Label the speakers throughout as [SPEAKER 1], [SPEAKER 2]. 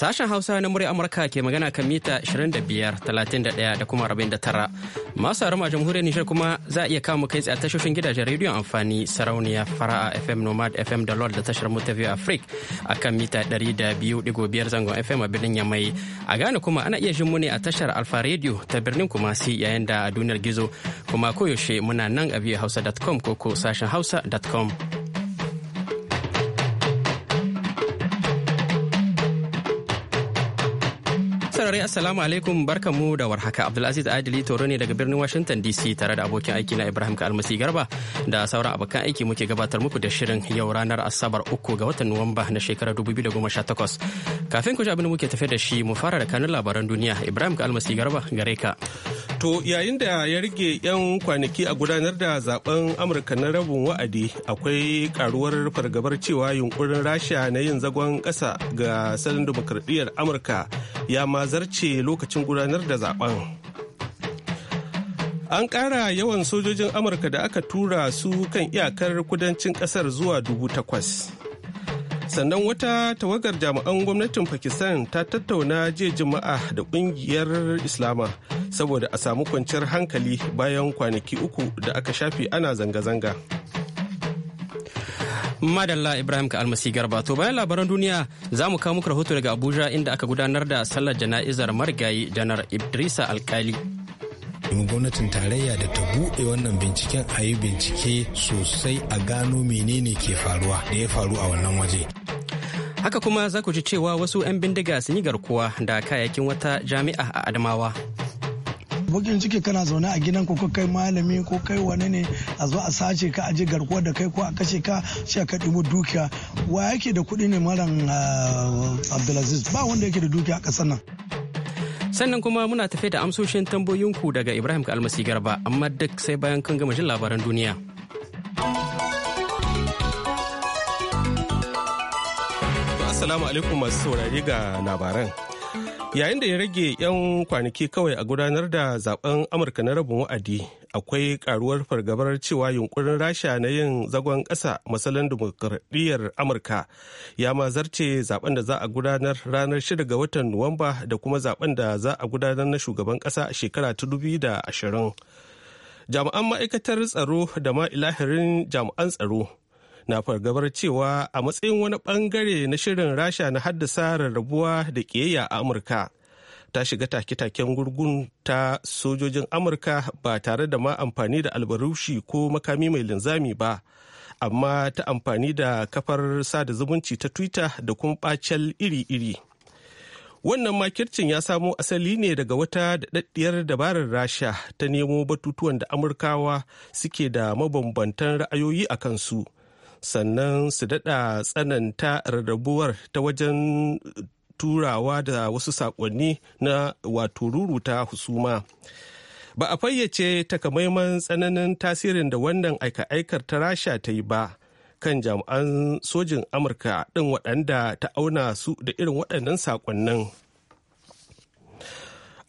[SPEAKER 1] Sashen Hausa na murya Amurka ke magana kan mita 25, 31 da kuma 49. Masu harama jamhuriyar Nijar kuma za a iya kama kai tsaye tashoshin gidajen rediyon amfani sarauniya fara'a FM Nomad FM da Lord da tashar Mota View Africa a kan mita 200.5 zangon FM a birnin Yamai. A gane kuma ana iya jin mu ne a tashar Alfa Radio ta birnin Kumasi yayin da a duniyar gizo kuma koyaushe muna nan a biyu hausa.com ko ko sashen hausa.com. saurare assalamu alaikum mu da warhaka Abdulaziz Adili Toro ne daga birnin Washington DC tare da abokin aiki na Ibrahim Kalmasi Garba da sauran abokan aiki muke gabatar muku da shirin yau ranar Asabar 3 ga watan Nuwamba na shekarar 2018. Kafin ku ji abin da muke tafe da shi
[SPEAKER 2] mu fara da kanun labaran duniya Ibrahim almasi Garba gare ka. To yayin da ya rige 'yan kwanaki a gudanar da zaben Amurka na rabin wa'adi akwai karuwar fargabar cewa yunkurin Rasha na yin zagon kasa ga salon dimokuraɗiyyar Amurka ya ma zarce lokacin gudanar da zaben an ƙara yawan sojojin amurka da aka tura su kan iyakar kudancin ƙasar zuwa dubu takwas sannan wata tawagar jami'an gwamnatin pakistan ta tattauna jiya juma'a da ƙungiyar islama saboda a samu kwanciyar hankali bayan kwanaki uku da aka shafe ana zanga-zanga.
[SPEAKER 1] Madalla Ibrahim ka almasi garba to bayan labaran duniya za mu kawo muku rahoto daga Abuja inda aka gudanar da sallar jana'izar marigayi janar Idrisa Alkali.
[SPEAKER 3] gwamnatin tarayya da ta buɗe wannan binciken a yi bincike sosai a gano menene ke faruwa da ya faru a wannan waje.
[SPEAKER 1] Haka kuma za ku ji cewa wasu 'yan bindiga sun yi garkuwa da kayayyakin wata jami'a a Adamawa.
[SPEAKER 4] bugin ciki kana zaune a gidan ko kai malami ko kai wani ne a zo a sace ka aje garkuwa da kai ko a kashe ka sai ka dimo dukiya wa yake da kuɗi ne maran eh, Abdulaziz ba wanda yake da dukiya a ƙasar nan
[SPEAKER 1] sannan kuma muna tafe da amsoshin tambayoyinku daga Ibrahim almasi Garba amma duk sai bayan kan gama jin labaran duniya
[SPEAKER 2] Assalamu alaikum masu saurari ga labaran yayin da ya rage 'yan kwanaki kawai a gudanar da zaben amurka na rabin wa'adi akwai karuwar fargabar cewa yunkurin rasha na yin zagon ƙasa masalan dimokuraɗiyyar amurka ya mazarce zaben da za a gudanar ranar 6 ga watan nuwamba da kuma zaben da za a gudanar na shugaban ƙasa a shekara ta ashirin. jami'an ma'aikatar tsaro da ma ilahirin jami'an tsaro na fargabar cewa a matsayin wani bangare na shirin rasha na haddasa rarrabuwa da ƙiyayya a amurka ta shiga take-taken gurgun ta sojojin amurka ba tare da ma amfani da albarushi ko makami mai linzami ba amma ta amfani da kafar sada zumunci ta twitter da kuma bacel iri-iri wannan makircin ya samo asali ne daga wata daɗaɗɗiyar dabarar rasha ta nemo batutuwan da amurkawa suke da mabambantan ra'ayoyi a kansu sannan su daɗa tsananta rarrabuwar ta wajen turawa da wasu sakonni na wato ruruta husuma. Ba a fayyace takamaiman tsananin tasirin da wannan aika-aikar ta rasha ta yi ba kan jami'an sojin Amurka ɗin waɗanda ta auna su da irin waɗannan saƙonnin.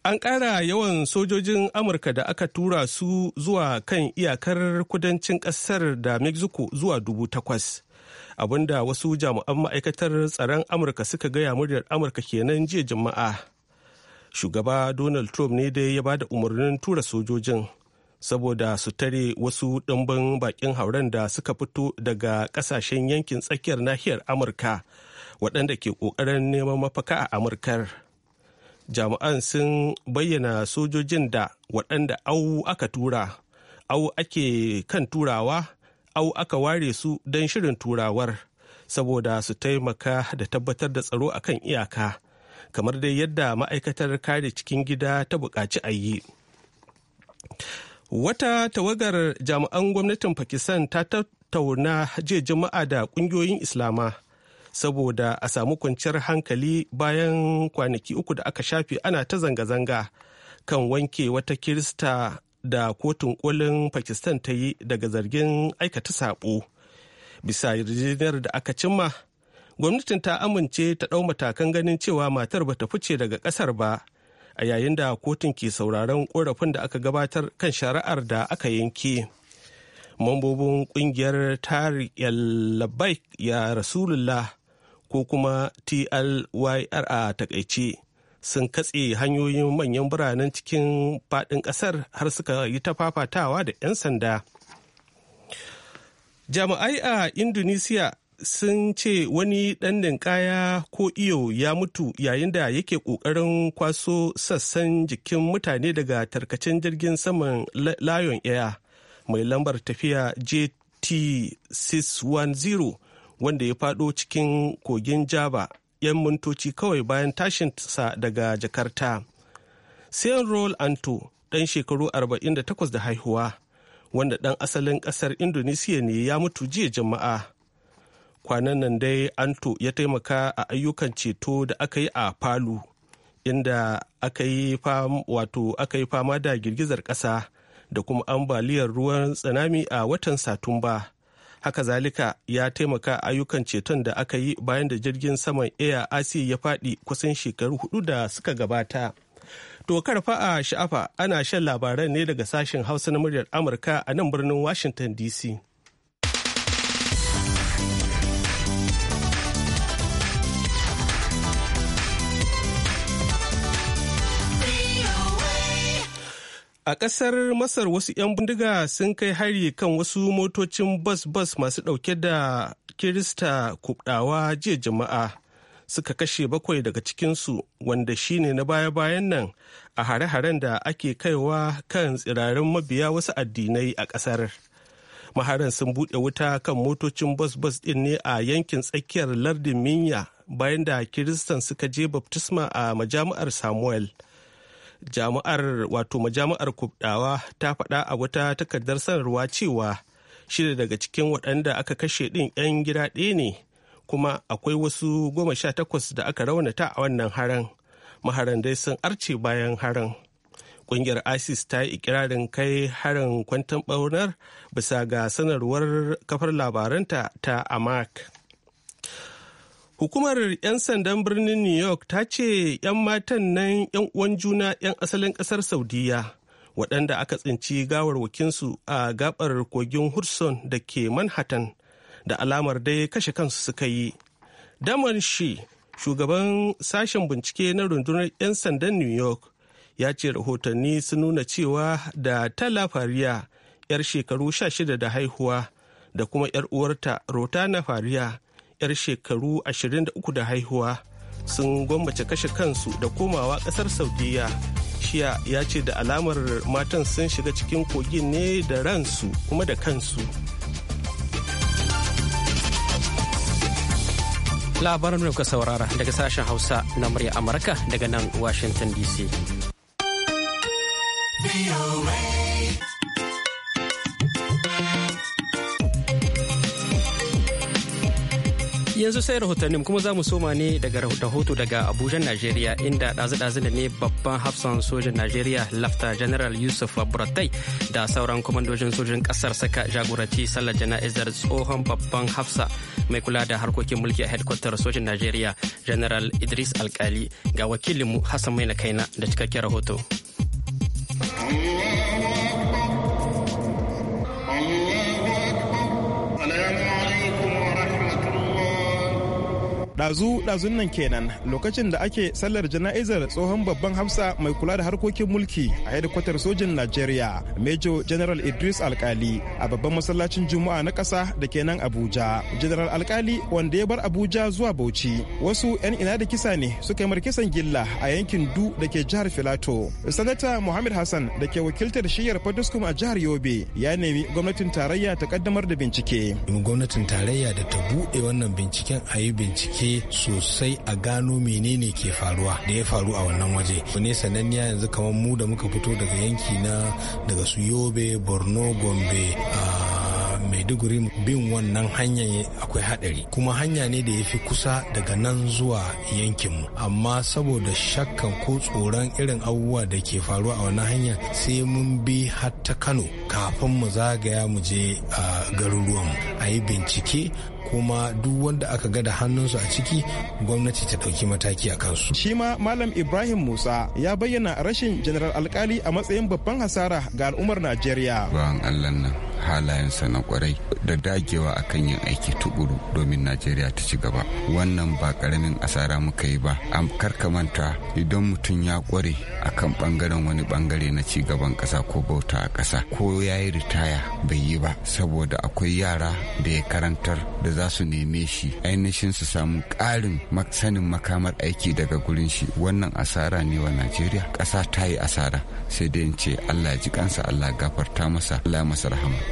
[SPEAKER 2] An ƙara yawan sojojin Amurka da aka tura su zuwa kan iyakar kudancin ƙasar da Mexico zuwa dubu takwas. Abinda wasu jami'an ma'aikatar tsaron Amurka suka gaya muryar Amurka kenan jiya Juma'a. Shugaba Donald Trump ne dai ya ba da umarnin tura sojojin saboda su tare wasu ɗimbin bakin hauren da suka fito daga ƙasashen yankin tsakiyar nahiyar Amurka waɗanda ke ƙoƙarin neman mafaka a Amurkar. jami'an sun bayyana sojojin da waɗanda au aka tura au ake kan turawa au aka ware su don shirin turawar saboda su taimaka da tabbatar da tsaro a kan iyaka kamar dai yadda ma'aikatar kare cikin gida ta buƙaci a yi wata tawagar jami'an gwamnatin pakistan ta tattauna jiya juma'a da ƙungiyoyin islama saboda a samu kwanciyar hankali bayan kwanaki uku da aka shafe ana ta zanga-zanga kan wanke wata kirista da kotun kolin pakistan ta yi daga zargin aikata sabo bisa yarjejeniyar da aka cimma gwamnatin ta amince ta ɗau matakan ganin cewa matar bata fice daga ƙasar ba a yayin da kotun ke sauraron korafin da aka gabatar kan shari'ar da aka yanke mambobin kungiyar tari ya rasulullah ko kuma TLYR a takaice sun katse hanyoyin manyan biranen cikin faɗin ƙasar har suka yi ta fafatawa da 'yan sanda. Jami'ai a Indonesia sun ce wani ɗan ninkaya ko iyo ya mutu yayin da yake ƙoƙarin kwaso sassan jikin mutane daga tarkacen jirgin saman Lion Air mai lambar tafiya JT610 wanda ya faɗo cikin kogin Jaba 'yan mintoci kawai bayan tashin sa daga jakarta roll anto ɗan shekaru 48 da haihuwa wanda ɗan asalin ƙasar indonesiya ne ya mutu jiya jama'a kwanan nan dai anto ya taimaka a ayyukan ceto da aka yi a palu inda aka yi fama da girgizar ƙasa da kuma ambaliyar ruwan tsanami a watan satumba haka zalika ya taimaka ayyukan ceton da aka yi bayan da jirgin saman air asia ya faɗi kusan shekaru hudu da suka gabata to karfa a sha'afa ana shan labaran ne daga sashen hausa na muryar amurka a nan birnin washington dc A ƙasar Masar wasu 'yan bindiga sun kai hari kan wasu motocin bas-bas masu ɗauke da Kirista kuɗawa jiya jama'a suka kashe bakwai daga cikinsu wanda shi ne na baya-bayan nan a hare-haren da ake kaiwa kan tsirarin mabiya wasu addinai a ƙasar. Maharan sun buɗe wuta kan motocin bas-bas ɗin ne a yankin tsakiyar lardin Minya bayan da Kiristan suka je baftisma a majami'ar Samuel. jami'ar wato majami'ar kubdawa ta faɗa a wata takardar sanarwa cewa shida daga cikin waɗanda aka kashe ɗin 'yan gida ɗaya ne kuma akwai wasu goma sha takwas da aka raunata a wannan haran maharan dai sun arce bayan haran ƙungiyar isis ta yi ikirarin kai harin kwantan ɓaunar bisa ga sanarwar kafar labaranta ta amak Hukumar 'yan sandan birnin New York ta ce 'yan matan nan 'yan uwan juna 'yan asalin ƙasar Saudiya waɗanda aka tsinci gawarwakinsu a gabar kogin Hudson da ke Manhattan da alamar dai kashe kansu suka yi. Damar shi shugaban sashen bincike na rundunar 'yan sandan New York ya ce rahotanni sun nuna cewa da tala fariya 'yar shekaru 16 da haihuwa da kuma 'yar uwarta Rotana fariya 'yar shekaru 23 da haihuwa sun gwammace kashe kansu da komawa kasar saudiya shiya ya ce da alamar matan sun shiga cikin kogin ne da ransu kuma da kansu
[SPEAKER 1] labaran da kuka saurara daga sashen hausa na murya amurka daga nan washington dc yanzu sai rahotanni kuma za mu soma ne daga rahoto daga abuja najeriya inda ɗazu-ɗazu da ne babban hafsan sojan najeriya lafta general yusuf abratai da sauran kwamandojin sojin ƙasar saka jagoranci sallar jana'izar tsohon babban hafsa mai kula da harkokin mulki a hedkwatar sojan najeriya general idris alkali ga wakilinmu hassan mai na kaina da cikakken rahoto.
[SPEAKER 5] Dazu ɗazun nan kenan lokacin da ake sallar jana'izar tsohon babban hafsa mai kula da harkokin mulki a hedikwatar sojin najeriya major general idris alkali a babban masallacin juma'a na ƙasa da kenan abuja general alkali wanda ya bar abuja zuwa bauchi wasu 'yan ina da kisa ne suka yi kisan gilla a yankin du da ke jihar filato sanata muhammad hassan da ke wakiltar shiyar fadiskum a jihar
[SPEAKER 3] yobe ya nemi gwamnatin tarayya ta kaddamar da bincike gwamnatin tarayya da ta buɗe wannan binciken a yi bincike sosai a gano menene ke faruwa da ya faru a wannan waje ne sananniya yanzu kamar mu da muka fito daga yanki na daga su yobe borno gombe maiduguri bin wannan hanyar akwai hadari kuma hanya ne da ya fi kusa daga nan zuwa yankinmu amma saboda shakkan ko tsoron irin abubuwa da ke faruwa a wannan hanyar sai mun bi har kano kafin mu zagaya mu je a garuruwanmu a yi bincike kuma duk wanda aka ga da hannunsu a ciki gwamnati ta ɗauki mataki a kansu. Shi ma Malam Ibrahim
[SPEAKER 5] Musa ya bayyana rashin General Alkali a matsayin babban hasara ga al'ummar Najeriya. Bawan Allah nan halayensa na kwarai da dagewa akan yin aiki tukuru domin najeriya ta ci gaba wannan ba karamin asara muka yi ba an karkamanta idan mutum ya kware kan bangaren wani bangare na ci gaban kasa ko bauta a kasa ko ya yi ritaya bai yi ba saboda akwai yara da ya karantar da za su neme shi ainihin su samu ƙarin sanin makamar aiki daga gurin shi wannan asara ne wa najeriya ƙasa ta yi asara sai dai in ce allah ji kansa allah gafarta masa allah masa rahama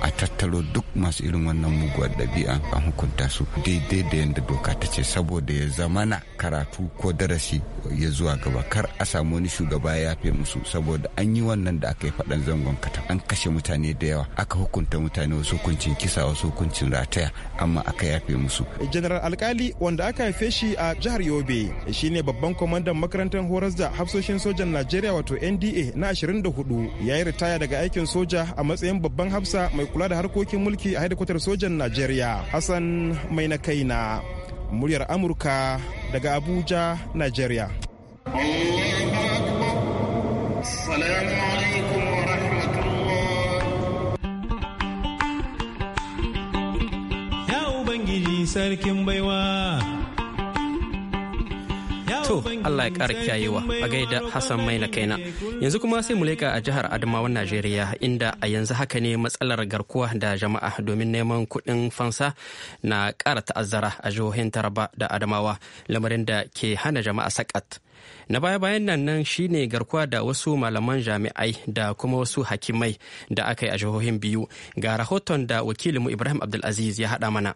[SPEAKER 5] a tattaro duk masu irin wannan muguwar ɗabi'a a hukunta su daidai da yadda doka ta ce saboda ya zamana karatu ko darasi ya zuwa gaba kar a samu wani shugaba ya yafe musu saboda an yi wannan da aka yi faɗan zangon kata an kashe mutane da yawa aka hukunta mutane wasu hukuncin kisa wasu hukuncin rataya amma aka yafe musu. general alkali wanda aka haife shi a jihar yobe shine babban kwamandan makarantar horas da hafsoshin sojan najeriya wato nda na ashirin da hudu ya yi ritaya daga aikin soja a matsayin babban hafsa mai kula da harkokin mulki a hedikwatar sojan Najeriya Hassan mai na kai na muryar Amurka daga Abuja, Najeriya.
[SPEAKER 2] Ya Ubangiji sarkin baiwa. To Allah ya ƙara kyayewa
[SPEAKER 1] a gaida Hassan Mai na kaina. Yanzu kuma sai mu leka a jihar Adamawan Najeriya inda a yanzu haka ne matsalar garkuwa da jama'a domin neman kuɗin fansa na ƙara ta'azzara a jihohin Taraba da Adamawa lamarin da ke hana jama'a sakat. Na baya-bayan nan nan ne garkuwa da wasu malaman jami'ai da kuma wasu hakimai da aka yi a jihohin biyu ga rahoton da wakilinmu Ibrahim Abdulaziz ya haɗa mana.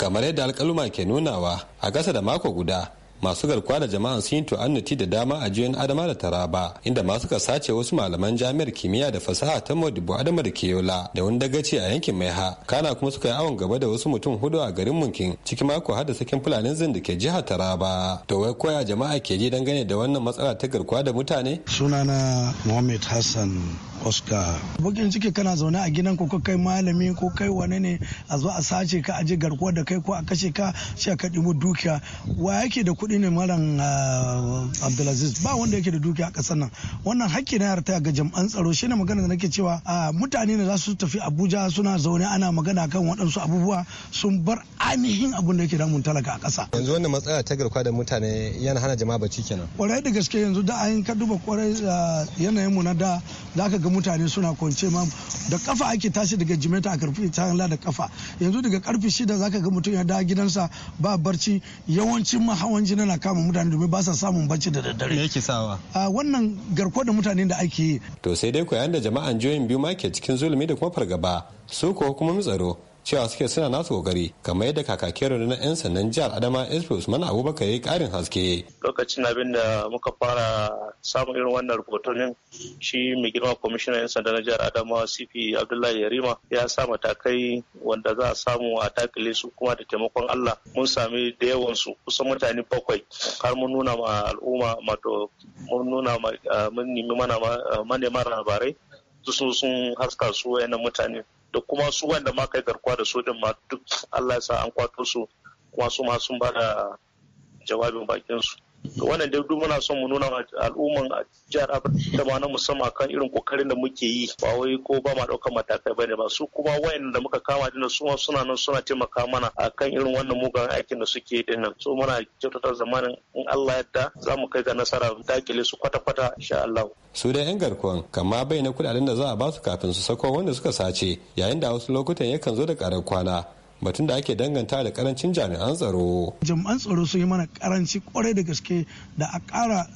[SPEAKER 6] Kamar yadda alkaluma ke nunawa a ƙasa da mako guda masu garkuwa da jama'an sun yi tu'annati da dama a jiyoyin adama da taraba inda masu ka sace wasu malaman jami'ar kimiyya da fasaha ta modibo adama da keyola da wani dagaci a yankin mai ha kana kuma suka yi awon gaba da wasu mutum hudu a garin munkin ciki mako har da sakin fulanin zin da ke jihar taraba to wai koya jama'a ke ji dangane da wannan matsala ta garkuwa da mutane
[SPEAKER 4] sunana muhammad hassan oscar bakin ciki kana zaune a gidan ko kai malami ko kai wane ne a zo a sace ka aje garkuwa da kai ko a kashe ka sai ka dimu dukiya wa yake da kuɗi kuɗi ne malam ah, abdulaziz ba wanda yake da dukiya a ƙasar nan wannan hakki na yarta ga jam'an tsaro shine magana da nake cewa ah, mutane ne za su tafi abuja suna zaune ana magana kan waɗansu abubuwa sun bar ainihin abun da yake damun talaka a ƙasa
[SPEAKER 6] yanzu wannan matsala ta garkuwa da mutane yana hana jama'a bacci kenan
[SPEAKER 4] kwarai da gaske yanzu da ayin ka duba kwarai ah, yanayin mu na da za ka ga mutane suna kwance ma da kafa ake tashi daga jimeta a karfi ta da kafa yanzu daga karfi shida za ka ga mutum ya da gidansa ba barci yawancin ma jini dare na kama mutane domin ba sa samun bacci da
[SPEAKER 6] daddare. Me yake sawa? A
[SPEAKER 4] wannan garkuwa da mutanen da ake yi.
[SPEAKER 6] To sai dai koyan da jama'an jihohin biyu ma ke cikin zulumi da kuma fargaba su ko hukumomin tsaro cewa suke suna nasu kokari kamar yadda kakakin rundunar 'yan sannan jihar adama espo usman abubakar ya yi karin haske
[SPEAKER 2] lokacin abin da muka fara samun irin wannan rubutunin shi mai girma kwamishinan 'yan sanda na jihar adama cp abdullahi yarima ya sa matakai wanda za a samu a takile su kuma da taimakon allah mun sami da yawan su kusan mutane bakwai har mun nuna ma al'umma mato mun nuna ah, mun nemi ah, manema labarai sun haska su wayannan mutane da kuma su wanda ma kai garkuwa da su din ma duk Allah ya sa an kwato su kuma su ma sun ba da jawabin bakin su wannan da duk muna son mu nuna al'umman jihar Abuja ma na musamman kan irin kokarin da muke yi ba wai ko ba ma daukar matakai bane ba su kuma wayan da muka kama dinnan su ma suna nan suna taimaka mana akan irin wannan mugan aikin da suke dinnan so muna kyautata zamanin in Allah yadda za mu kai ga nasara dakile su kwata-kwata insha Allah
[SPEAKER 6] su da yan garkuwan kama bai na kudaden da za a ba su kafin su sako wanda suka sace yayin da wasu lokutan yakan zo da karar kwana batun da ake danganta da karancin jami'an tsaro
[SPEAKER 4] jami'an tsaro sun yi mana karanci kwarai da gaske da a kara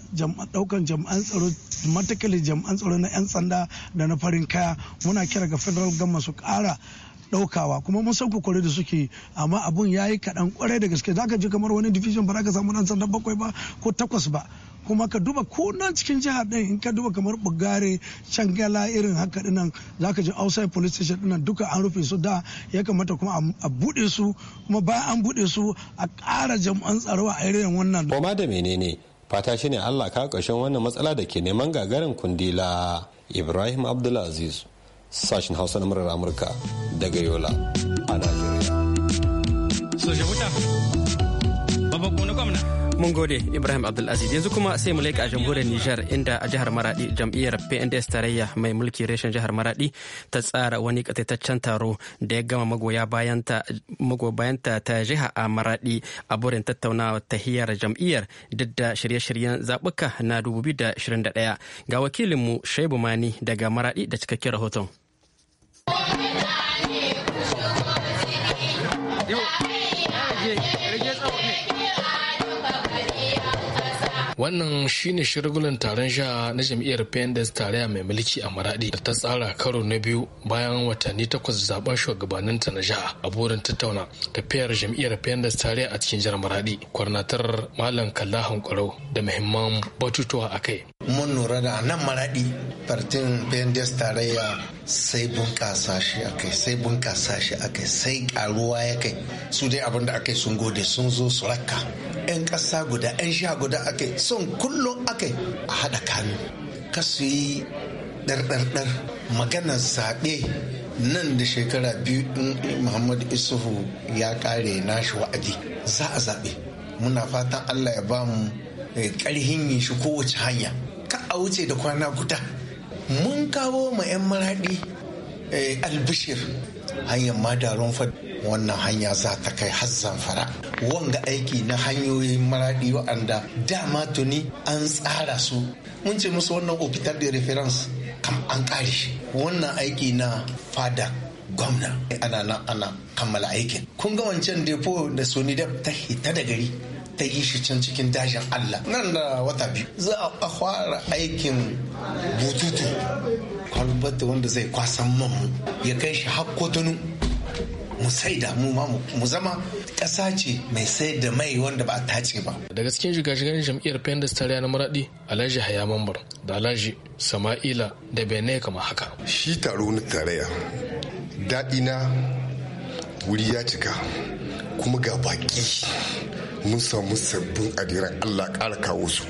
[SPEAKER 4] daukan jami'an tsaro matakali jami'an tsaro na 'yan sanda da na farin kaya muna kira ga federal gama su kara daukawa kuma mun san kokore da suke amma abun yayi kaɗan kwarai da gaske zaka ji kamar wani division ba za ka samu dan sanda bakwai ba ko takwas ba kuma ka duba ko nan cikin jihar ɗin in ka duba kamar bugare changala irin haka dinan zaka ji outside police station dinan duka an rufe su da ya kamata kuma a buɗe su kuma bayan an buɗe su a ƙara jami'an tsaro a irin wannan. Koma da menene
[SPEAKER 6] fata shine Allah ka ƙarshen wannan matsala da ke neman gagarin kundila Ibrahim Abdulaziz sashen Hausa na murar Amurka daga Yola a
[SPEAKER 1] Najeriya. Mun gode Ibrahim Abdulaziz yanzu kuma sai mu leƙa jamhuriyar Nijar inda a jihar Maradi jam'iyyar PNDS tarayya mai mulki reshen jihar Maradi ta tsara wani kataitaccen taro da ya gama magoya bayanta ta jiha a Maradi a burin tattaunawa tahiyar jam'iyyar duk da shirye-shiryen zaɓuka na 2021 ga wakilinmu Shaibu Mani daga Maradi da cikakken rahoton.
[SPEAKER 7] wannan shine shirgulan taron sha na jam'iyyar pendes tarayya mai mulki a maradi da ta tsara karo na biyu bayan watanni takwas zaben shugabannin ta na jiha a burin tattauna tafiyar jam'iyyar pendes tarayya a cikin jihar maradi kwarnatar malam kalla Hankoro da muhimman batutuwa a kai
[SPEAKER 3] mun lura da nan maradi partin pendes tarayya sai bunƙasa shi a kai sai bunƙasa shi a kai sai ƙaruwa ya kai su dai abin da kai sun gode sun zo su rakka 'yan kasa guda 'yan sha guda kai. son kullum aka a haɗa kanu su yi ɗarɗarɗar maganar zaɓe nan da shekara biyu in muhammadu isuhu ya ƙare nashi wa'adi za a zaɓe muna fatan allah ya ba mu eh, ƙarhin yin shi kowace hanya ka a wuce da kwana guda mun kawo ma 'yan maraɗi eh, albishir hanyar madaron fad wannan hanya za ta kai har zamfara wanga aiki na hanyoyin maraɗi wa'anda dama tuni an tsara su mun ce musu wannan hospital de reference kam an ƙare wannan aiki na fada gwamna ana nan ana kammala aikin kun ga wancan depo da da. ta hita da gari ta yi shi can cikin dajin allah nan da wata biyu za a fara aikin bututu kwalbata wanda zai kwasan mamu ya kai shi har kotunu mu saida mu ma mu zama ƙasa ce mai sayar da mai wanda ba a tace ba.
[SPEAKER 7] da gaske shiga shigar jam'iyyar Pendas Tariya na Maradi, Alhaji Haya Mambar da Alhaji Sama'ila da Bene kama haka. Shi taro
[SPEAKER 3] na tarayya daɗi na wuri ya cika kuma ga baƙi mun samu sabbin adiran Allah ƙara kawo su.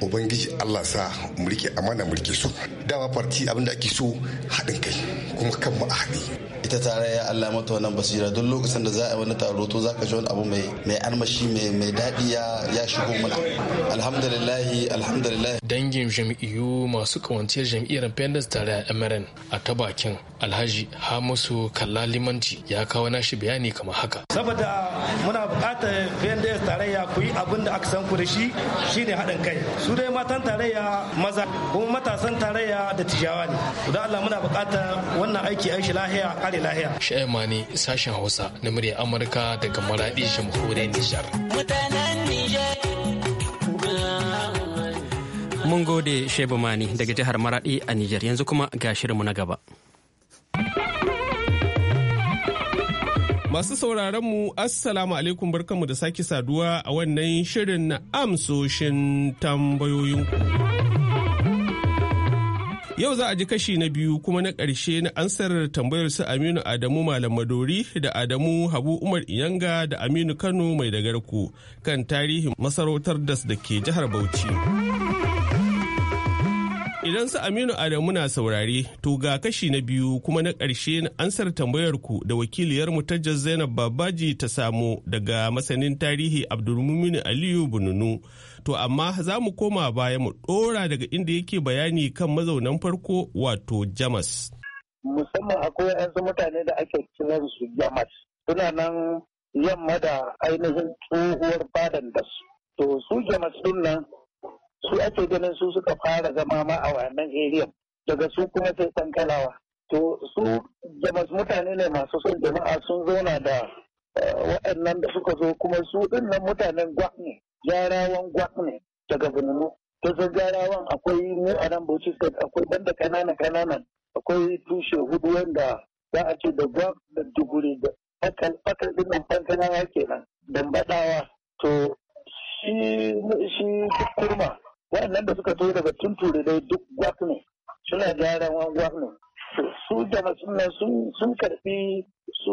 [SPEAKER 3] ubangiji allah sa mulki, amana mulki su dama farti abinda ake so haɗin kai kuma kan mu a haɗe ita tarayya allah mata wannan basira duk lokacin da za a yi wani taro to za ka ji wani abu mai mai armashi mai mai daɗi ya shigo mana alhamdulillahi
[SPEAKER 7] alhamdulillahi dangin jam'iyyu masu kawanciyar jam'iyyar pendas tare a mrn a ta bakin alhaji hamisu kalla limanci ya kawo nashi bayani kamar haka
[SPEAKER 4] saboda muna buƙatar independence tarayya ku yi abin da aka san ku da shi shine haɗin kai su dai matan tarayya maza kuma matasan tarayya da tijawa ne don Allah muna bukatar wannan aiki aishi lahiya kare lahiya
[SPEAKER 7] sha'imani sashen hausa na murya amurka daga maradi jamhuriyar nijar
[SPEAKER 1] mun gode shebumani daga jihar maradi a nijar yanzu kuma ga shirinmu na gaba
[SPEAKER 2] Masu sauraron mu Assalamu alaikum barkanmu da sake saduwa a wannan shirin na amsoshin tambayoyinku. Yau za a ji kashi na biyu kuma na ƙarshe na ansar tambayar su Aminu Adamu Malam Madori da Adamu Habu Umar Iyanga da Aminu Kano mai dagarku kan tarihin masarautar das da ke jihar Bauchi. Idan su Aminu Adamu na saurare, to ga kashi na biyu kuma na ƙarshe na ansar tambayarku da wakiliyar mutajjar Zainab Babaji ta samu daga masanin tarihi Abdulmumin Aliyu Bununu. To amma za mu koma baya mu ɗora daga inda yake bayani kan mazaunan farko wato Jamas.
[SPEAKER 8] Musamman akwai 'yansu mutane da ake cinar su Jamas. Suna nan yamma da ainihin tsohuwar badan da su. To su Jamas din nan su ake ganin su suka fara zama ma a wannan area daga su kuma sai kankalawa to su jama mutane ne masu son jama'a sun zauna da eh, waɗannan da suka zo kuma su dinnan mutanen gwak ne jarawan gwak ne daga bununu ta san jarawan akwai mu a nan bauchi akwai banda kanana kanana akwai tushe hudu wanda za a ce da gwak da duguri da fakal fakal din nan kenan dambaɗawa to shi shi kurma waɗannan da suka taho daga tunture dai duk gwak ne suna gyara wani gwak ne su jama suna sun karɓi su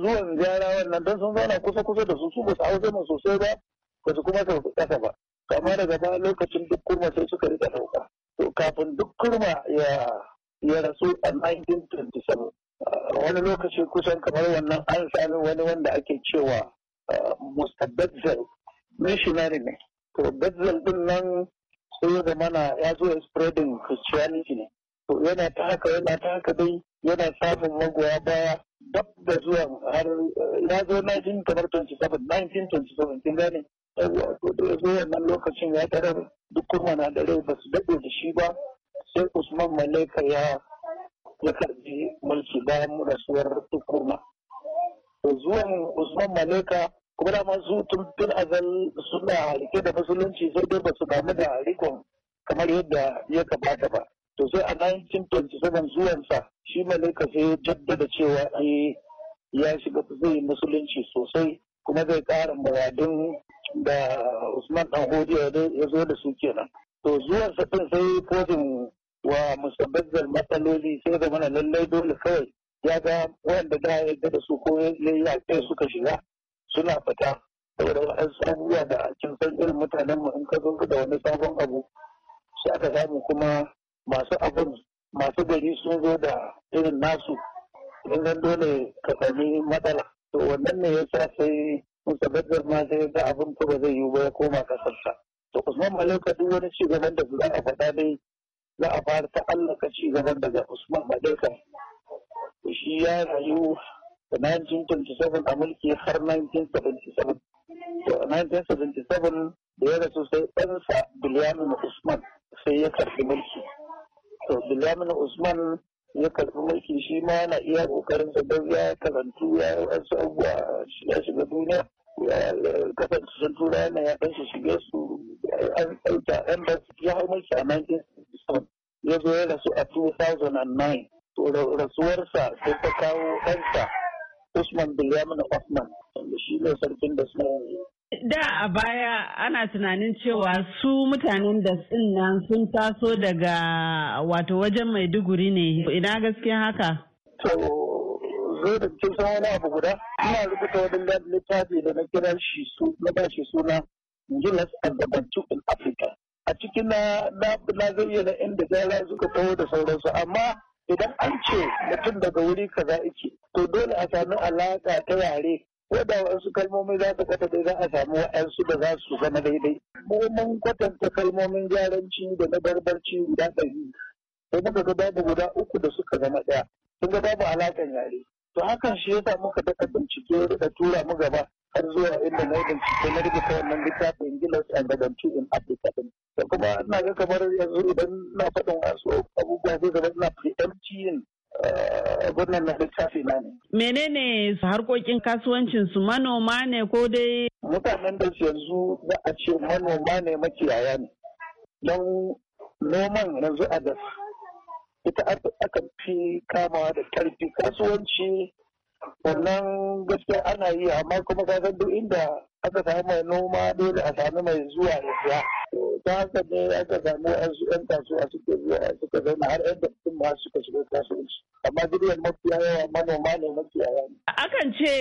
[SPEAKER 8] zuwan gyara wannan don sun zauna kusa kusa da su su ba su hau zama sosai ba ba su kuma karɓi ƙasa ba kama daga ba lokacin duk kurma sai suka rika ɗauka to kafin duk kurma ya rasu a 1927 uh, wani lokaci kusan kamar wannan an sami wani wanda ake cewa uh, musta bezzel missionary ne to bezzel din nan sai ya zamana ya zo spreading christianity ne to yana ta haka yana ta haka dai yana samun magoya baya duk da zuwa har eh, ya zo 1927 kin gane to da ya zo lokacin ya tarar duk kuma na da rai ba su daɗe da shi ba sai usman malaika ya ya karbi mulki bayan rasuwar tukurma to zuwan usman malaika kuma da masu tun azal suna rike da musulunci sai dai ba su damu da harikon kamar yadda ya kamata ba to sai a 1927 zuwansa shi malaika sai jaddada cewa ya shiga zai musulunci sosai kuma zai ƙara muradun da usman dan ya zo da su kenan to zuwansa din sai kotun wa musabbazar matsaloli sai zama na lallai dole kawai ya ga wanda da ya da su ko ya yi a suka shiga suna fita saboda waɗansu abubuwa da a san irin mutanen mu in ka zo da wani sabon abu sai aka samu kuma masu abun masu gari sun zo da irin nasu In zan dole ka sami matsala to wannan ne yasa sai musabbatar ma sai yadda abin ko ba zai yiwu ba ya koma kasarsa to usman malauka duk wani ci da za a faɗa dai za a fara ta'allaka ci gaban daga usman malauka shi ya rayu 1927 a mulki har 1977 to a 1977 da ya rasu sai ɗansa bilyamin usman sai ya karfi mulki to bilyamin usman ya karfi mulki shi ma yana iya ƙoƙarin sa don ya karantu ya yi wasu abubuwa ya shiga duniya kasance sun tura yana ya ɗan shige su an ɗauka ɗan da ya hau mulki a 1977 ya zo ya rasu a 2009 to rasuwarsa sai ta kawo ɗansa Usman Bilyamin Osman wanda shi ne sarkin da suna
[SPEAKER 9] Da a baya ana tunanin cewa su mutanen da nan sun taso daga wato wajen Maiduguri ne ina gaskiya haka?
[SPEAKER 8] To zo da cikin wani abu guda ina rubuta wani littafi da na kira shi su na ba shi suna Guinness and the Bantu in Africa. A cikin na na zai na inda gara suka taho da sauransu amma idan an ce mutum daga wuri kaza ike. to dole a sami alaƙa ta yare da wasu kalmomi za su kwatanta za a samu wa'ansu da za su zama daidai. Mu mun kwatanta kalmomin jaranci da na barbarci guda ɗari. Sai muka ga babu guda uku da suka zama ɗaya. Sun ga babu alaƙan yare. To hakan shi yasa muka daɗa bincike da tura mu gaba har zuwa inda na yi bincike na rubuta wannan littafin Gilas and the Bantu in Africa ɗin. Da kuma ina ga kamar yanzu idan na faɗin wasu abubuwa sai gaba ina yin. gudunar na littafi na ne.
[SPEAKER 9] Menene harkokin kasuwancin su manoma ne ko dai? Mutanen da yanzu za a ce manoma ne makiyaya ne. Don
[SPEAKER 8] noman yanzu a da ita aka fi kamawa da karfi kasuwanci sannan gaskiya ana yi amma kuma ka san duk inda aka samu mai noma dole a sami mai zuwa ya siya ta haka ne aka samu wasu yan kasuwa suke zuwa suka zauna har yadda dabbobin ma suka shiga kasuwanci amma gidan mafiya yawa manoma ne mafiya yawa
[SPEAKER 9] akan ce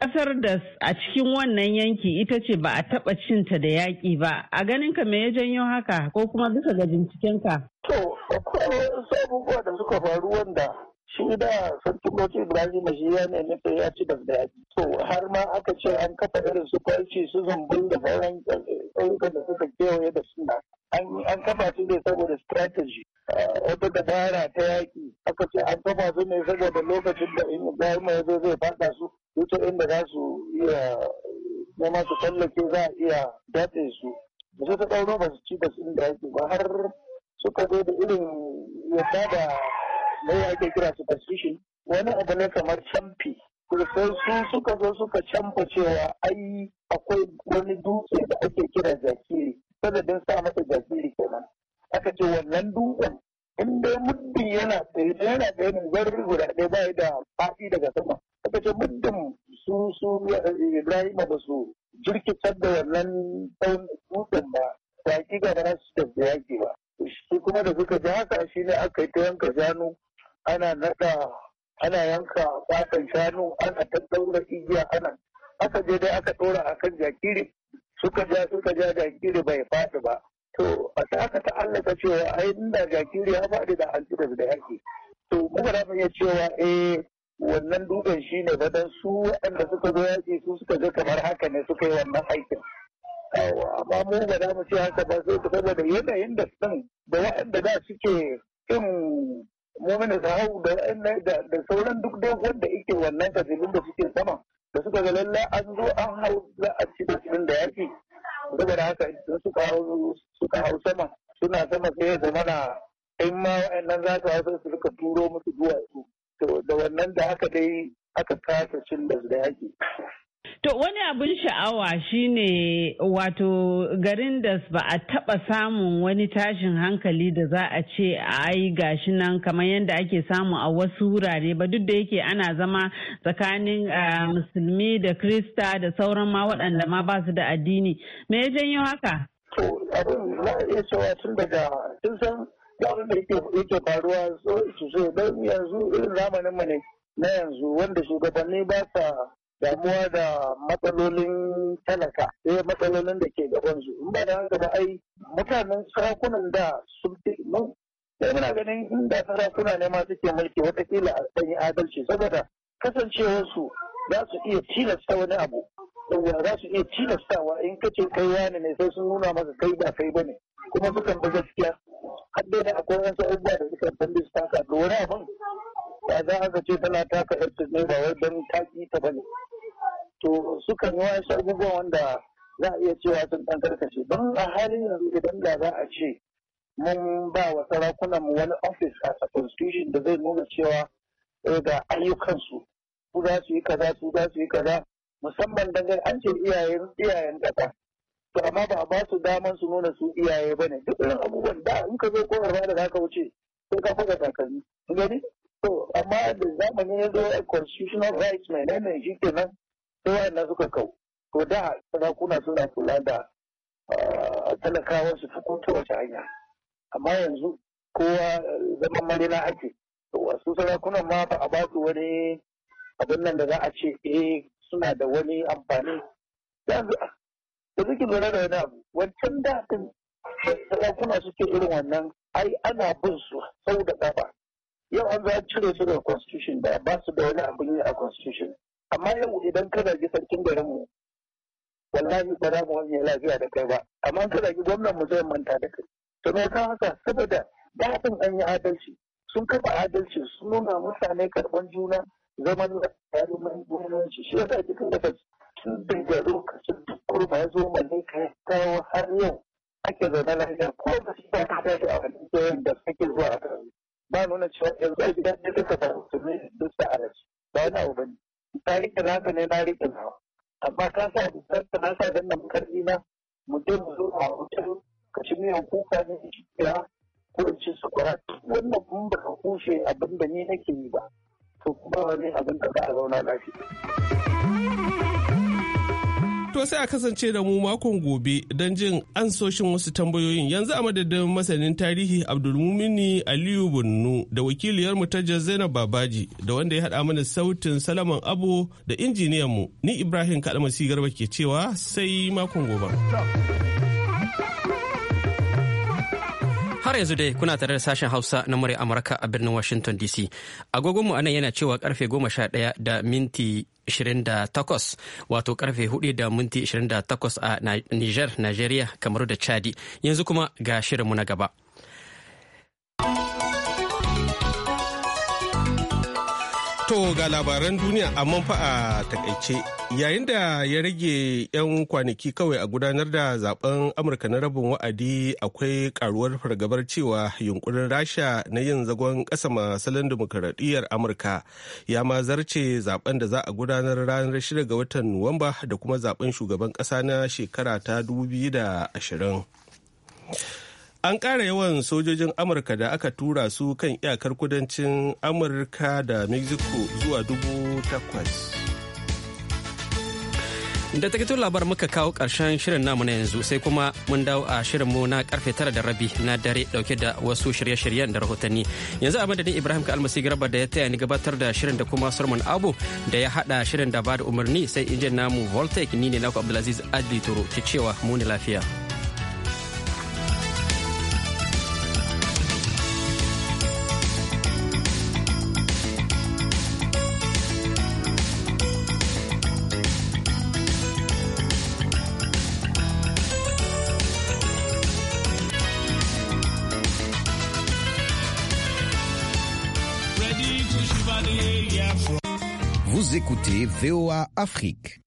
[SPEAKER 9] kasar da a cikin wannan yanki ita ce ba a taba cinta da yaƙi ba a ganin ka me ya janyo haka ko kuma bisa ga bincikenka
[SPEAKER 8] to akwai sabubuwa da suka faru wanda shi da sarkin bauchi ibrahim shi ya nemi sai ya ci da daji to har ma aka ce an kafa irin su kwalci su zambul da sauran ƙauyukan da suka kewaye da suna an kafa su ne saboda strategy ah, wata dabara ta yaki. aka ce an kafa su ne saboda lokacin da in ibrahim ya zo zai fada su wuce inda za su iya nema su tallake za a iya dace su da su ta ɗauro ba su ci da su inda yaki ba har suka zo da irin ya da mai ake kira superstition wani abu ne kamar camfi sai su suka zo suka camfa cewa ai akwai wani dutse da ake kira zakiri sadadin sa masa zakiri kenan aka ce wannan dutsen in dai muddin yana tsaye yana tsaye ne zarri guda ɗaya ba da faɗi daga sama aka ce muddin su su Ibrahim ba su jirkitar da wannan ɗan dutsen ba yaƙi ga ba su tafiya yaƙi ba shi kuma da suka ji haka shi ne aka yi ta yanka shanu ana naɗa ana yanka fatan shanu ana daura igiya ana aka je dai aka ɗora akan jakiri suka ja suka ja jakiri bai faɗi ba to a ta Allah ta'allaka cewa ai inda jakiri ya faɗi da alfitar da yaki to muka na ya cewa eh wannan dukan shi ne dan su waɗanda suka zo yaki su suka ga kamar haka ne suka yi wannan aikin amma mu ba za mu ce haka ba sai saboda yanayin da sun da waɗanda da suke yin mumin da hau da sauran duk da wanda yake wannan kabilun da suke sama da suka ga lallai an zo an hau za a ci da cikin da yaki daga haka idan suka hau sama suna sama sai ya zama na in ma wa'annan za ta hau su suka turo musu duwatsu to da wannan da haka dai aka kasa cin da yaki
[SPEAKER 9] To wani abin sha'awa shine wato garin da ba a taba samun wani tashin hankali da za a ce ai gashi nan kamar yadda ake samu a wasu wurare ba duk da yake ana zama tsakanin ah, musulmi da krista da sauran ma waɗanda ma ba su da addini. Me ya janyo haka?
[SPEAKER 8] To abin na iya cewa tun daga tun san abin da yake faruwa sosai don yanzu irin zamanin mu ne na yanzu wanda shugabanni ba sa damuwa da matsalolin talaka sai eh, matsalolin da ke gaban wanzu. in ba da haka ai mutanen sarakunan da sun fi mun sai muna ganin inda sarakuna ne ma suke mulki watakila a yi adalci saboda kasancewarsu za su iya tilasta wani abu yawwa za su iya tilastawa in kace kai wani ne sai sun nuna maka kai ba kai bane kuma sukan bi gaskiya har dai akwai wasu abubuwa da suka tambi su taka da wani abin ba za a ce tana taka yarta ne ba wai don ta ki ta bane to sukan yi wasu abubuwan wanda za a iya cewa sun ɗan karkace don a halin yanzu idan da za a ce mun ba wa sarakunan mu wani office a constitution da zai nuna cewa eh, ga ayyukansu su za su yi kaza su za su yi kaza musamman dangane an ce iyayen iyayen kasa to amma ba ba su daman su nuna su iyaye ba ne duk irin abubuwan da in ka zo koyarwa da za ka wuce sai ka faga takalmi gani To, amma da zamani ya zo a constitutional rights mai nan shi kenan sai wayan suka kau. To da sarakuna suna kula da talakawa su ta wata hanya. Amma yanzu kowa zaman marina ake. Wasu sarakunan ma ba a ba wani abin nan da za a ce eh suna da wani amfani. Yanzu da suke lura da wani abu wancan datin sarakuna suke irin wannan ai ana bin su sau da kafa yau an za cire su daga constitution da ba su da wani abin yi a constitution amma yau idan ka zagi sarkin garin mu wallahi ba za mu wani lafiya da kai ba amma ka zagi gwamnan mu zai manta da kai to me ka haka saboda daɗin an yi adalci sun kafa adalci sun nuna mutane karɓar juna zaman lafiya mai gwamnati shi yasa cikin da sun dinga lokacin da kurma ya zo mai kai ta har yau ake zaune lafiya ko da shi ta ta tashi a wani da suke zuwa a kan ba nuna cewa yanzu a gidan ne duka da musulmi duk a rashi ba wani abu bane ta rike naka ne na rike nawa amma ka sa ta na sa danna makarni na mu je mu zo a hotel ka ci miyan kuka ne kira ko in ci wannan mun ba ka kushe abin da ni nake yi ba to kuma wani abin da ba a zauna lafiya.
[SPEAKER 2] To sai a kasance da mu makon gobe don jin ansoshin wasu tambayoyin yanzu a madadin masanin tarihi Abdulmumini Aliyu Bunnu da wakiliyar mu ta Zainab Babaji da wanda ya haɗa mana sautin Salaman Abo da injiniyan mu ni Ibrahim Kalmasi Garba ke cewa sai makon gobe.
[SPEAKER 1] har yanzu dai kuna tare da sashen hausa na murya amurka a birnin washington dc agogonmu anan yana cewa karfe 11 da minti 28 wato karfe 4 da minti 28 a niger nigeria kamaru da chadi yanzu kuma ga shirinmu na gaba
[SPEAKER 2] To ga labaran duniya amma fa a takaice yayin da ya rage 'yan kwanaki kawai a gudanar da zaben Amurka na rabin wa'adi akwai karuwar fargabar cewa yunkurin Rasha na yin zagon ƙasa masalin demokaradiyyar Amurka ya ma zarce zaben da za a gudanar ranar 6 ga watan Nuwamba da kuma zaben shugaban ƙasa na shekara ta 2020. an ƙara yawan sojojin amurka da aka tura su kan iyakar kudancin amurka da mexico zuwa dubu takwas da takaitun labar
[SPEAKER 1] muka kawo karshen shirin namu na yanzu sai kuma mun dawo a shirin mu na karfe tara da rabi na dare dauke da wasu shirye-shiryen da rahotanni yanzu a madadin ibrahim ka almasi garba da ya taya ni gabatar da shirin da kuma surman abu da ya hada shirin da ba da umarni sai injin namu voltec ni ne naku abdulaziz adli toro ki cewa mu ne lafiya.
[SPEAKER 3] écoutez VOA Afrique.